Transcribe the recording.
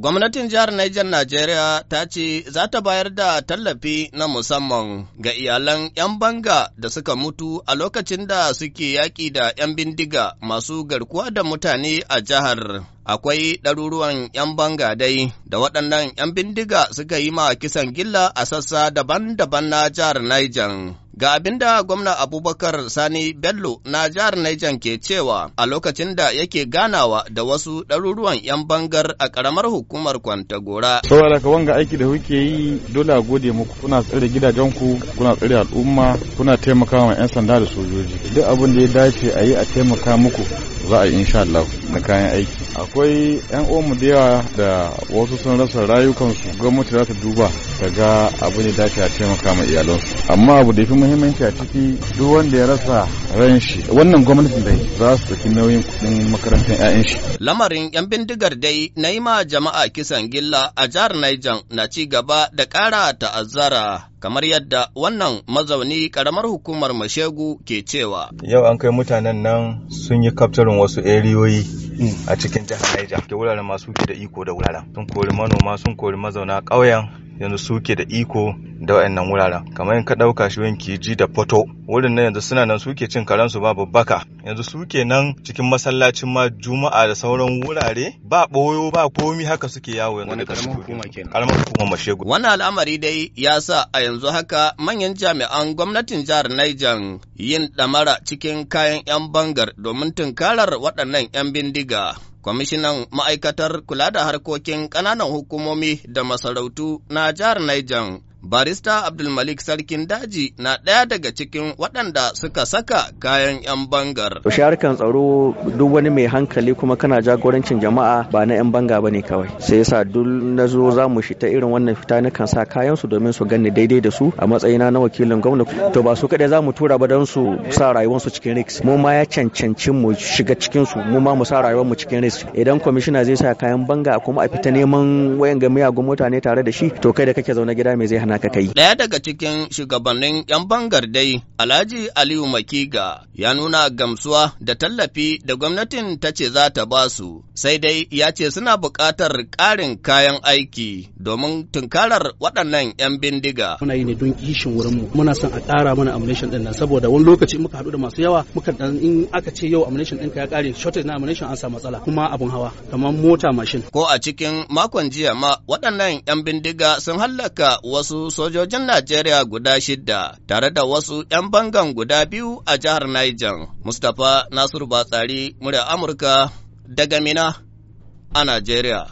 Gwamnatin jihar Niger Najeriya ta ce za ta bayar da tallafi na musamman ga iyalan 'yan banga da suka mutu a lokacin da suke yaƙi da 'yan bindiga masu garkuwa da mutane a jihar. akwai ɗaruruwan 'yan banga dai da waɗannan 'yan bindiga suka yi ma kisan gilla a sassa daban-daban na jihar Niger. Ga abin da gwamna Abubakar Sani Bello na jihar Niger ke cewa a lokacin da yake ganawa da wasu ɗaruruwan 'yan bangar a ƙaramar hukumar Kwantagora. Saboda ka wanga aiki da kuke yi dole a gode muku kuna tsare gidajenku kuna tsare al'umma kuna taimaka taimakawa 'yan sanda da sojoji duk abin da ya dace a yi a taimaka muku za a yi insha na kayan aiki akwai yan uwanmu da yawa da wasu sun rasa rayukansu gwamnati za ta duba ta ga abin da dace a taimaka ma iyalansu amma abu da fi muhimmanci a ciki duk wanda ya rasa ran shi wannan gwamnati dai za su saki nauyin kuɗin makarantar 'ya'yan shi lamarin yan bindigar dai na yi ma jama'a kisan gilla a jihar Niger na ci gaba da ƙara ta'azzara kamar yadda wannan mazauni karamar hukumar mashegu ke cewa. Yau an kai mutanen nan sun yi kaftarin wasu eriyoyi hmm. a cikin jihar Niger. Ke wuraren masu da iko da wuraren. Sun kori manoma sun kori mazauna ƙauyen yanzu suke da iko da wayannan wuraren kamar in ka ɗauka shi kiji da foto wurin nan yanzu suna nan suke cin karansu babu baka. yanzu suke nan cikin masallacin ma juma'a da sauran wurare ba boyo ba komi haka suke yawo yanzu da karamar hukuma kenan hukuma mashegu wannan al'amari dai ya sa a yanzu haka manyan jami'an gwamnatin jihar Niger yin ɗamara cikin kayan 'yan bangar domin tunkarar waɗannan 'yan bindiga. Kwamishinan Ma'aikatar Kula da Harkokin Ƙananan Hukumomi da Masarautu na Jihar Niger Barista Abdulmalik Sarkin Daji na ɗaya daga cikin waɗanda suka saka kayan 'yan bangar. Shi harkan tsaro duk wani mai hankali kuma kana jagorancin jama'a ba na 'yan banga ba ne kawai. Sai yasa duk na zo za mu shi ta irin wannan fita na kan sa kayan su domin su ganni daidai da su a matsayina na wakilin gwamna. To ba su kaɗai za mu tura ba don su sa rayuwarsu cikin risk. Mu ma ya cancanci mu shiga cikin su mu ma mu sa rayuwarmu cikin risk. Idan kwamishina zai sa kayan banga kuma a fita neman wayan ga miyagun mutane tare da shi to kai da kake zaune gida mai zai rana ka kai. Ɗaya daga cikin shugabannin 'yan bangar dai, Alhaji Aliyu Makiga, ya nuna gamsuwa da tallafi da gwamnatin ta ce za ta ba su, sai dai ya ce suna buƙatar ƙarin kayan aiki domin tunkarar waɗannan 'yan bindiga. Muna yi ne don kishin wurinmu, muna son a ƙara mana ammunition ɗin nan, saboda wani lokaci muka haɗu da masu yawa, muka ɗan in aka ce yau ammunition ɗinka ya ƙare, shortage na ammunition an samu matsala, kuma abun hawa, kamar mota mashin. Ko a cikin makon jiya ma waɗannan 'yan bindiga sun hallaka wasu sojojin Najeriya guda shidda tare da wasu ‘yan bangan guda biyu a jihar Niger. Mustapha Nasiru Batsari, murya Amurka daga Mina a Najeriya.